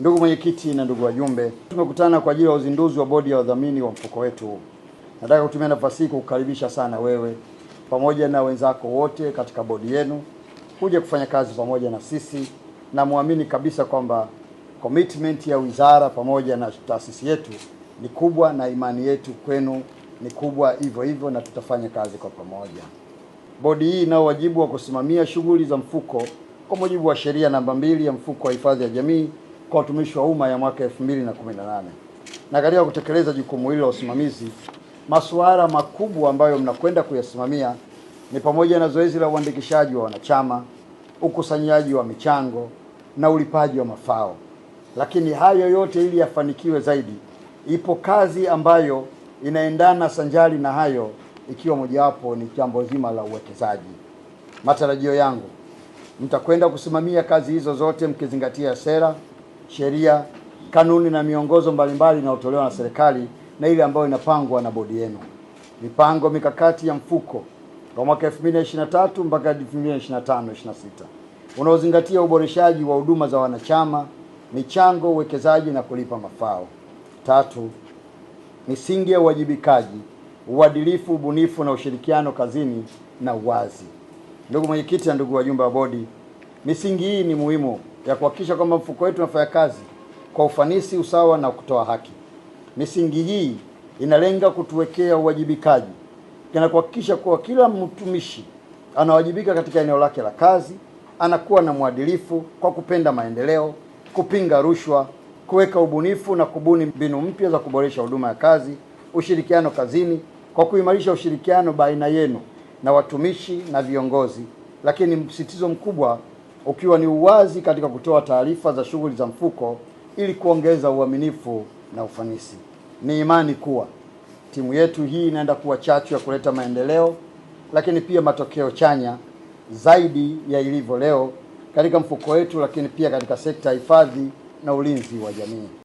Ndugu mwenyekiti na ndugu wajumbe, tumekutana kwa ajili ya uzinduzi wa bodi ya wadhamini wa mfuko wetu Nataka kutumia nafasi hii kukukaribisha sana wewe pamoja na wenzako wote katika bodi yenu kuja kufanya kazi pamoja na sisi, na muamini kabisa kwamba commitment ya wizara pamoja na taasisi yetu ni kubwa na imani yetu kwenu ni kubwa hivyo hivyo, na tutafanya kazi kwa pamoja. Bodi hii inao wajibu wa kusimamia shughuli za mfuko kwa mujibu wa sheria namba mbili ya mfuko wa hifadhi ya jamii kwa utumishi wa umma ya mwaka 2018. Na katika kutekeleza jukumu hilo la usimamizi, masuala makubwa ambayo mnakwenda kuyasimamia ni pamoja na zoezi la uandikishaji wa wanachama, ukusanyaji wa michango na ulipaji wa mafao. Lakini hayo yote ili yafanikiwe zaidi, ipo kazi ambayo inaendana sanjari na hayo, ikiwa mojawapo ni jambo zima la uwekezaji. Matarajio yangu mtakwenda kusimamia kazi hizo zote mkizingatia sera sheria, kanuni na miongozo mbalimbali inayotolewa na serikali na ile ambayo inapangwa na bodi yenu. Mipango mikakati ya mfuko kwa mwaka 2023 mpaka 2025 26 unaozingatia uboreshaji wa huduma za wanachama, michango, uwekezaji na kulipa mafao. Tatu, misingi ya uwajibikaji, uadilifu, ubunifu na ushirikiano kazini na uwazi. Ndugu mwenyekiti na ndugu wajumbe wa bodi Misingi hii ni muhimu ya kuhakikisha kwamba mfuko wetu unafanya kazi kwa ufanisi, usawa na kutoa haki. Misingi hii inalenga kutuwekea uwajibikaji na kuhakikisha kuwa kila mtumishi anawajibika katika eneo lake la kazi, anakuwa na mwadilifu kwa kupenda maendeleo, kupinga rushwa, kuweka ubunifu na kubuni mbinu mpya za kuboresha huduma ya kazi, ushirikiano kazini kwa kuimarisha ushirikiano baina yenu na watumishi na viongozi, lakini msitizo mkubwa ukiwa ni uwazi katika kutoa taarifa za shughuli za mfuko ili kuongeza uaminifu na ufanisi. Ni imani kuwa timu yetu hii inaenda kuwa chachu ya kuleta maendeleo, lakini pia matokeo chanya zaidi ya ilivyo leo katika mfuko wetu, lakini pia katika sekta ya hifadhi na ulinzi wa jamii.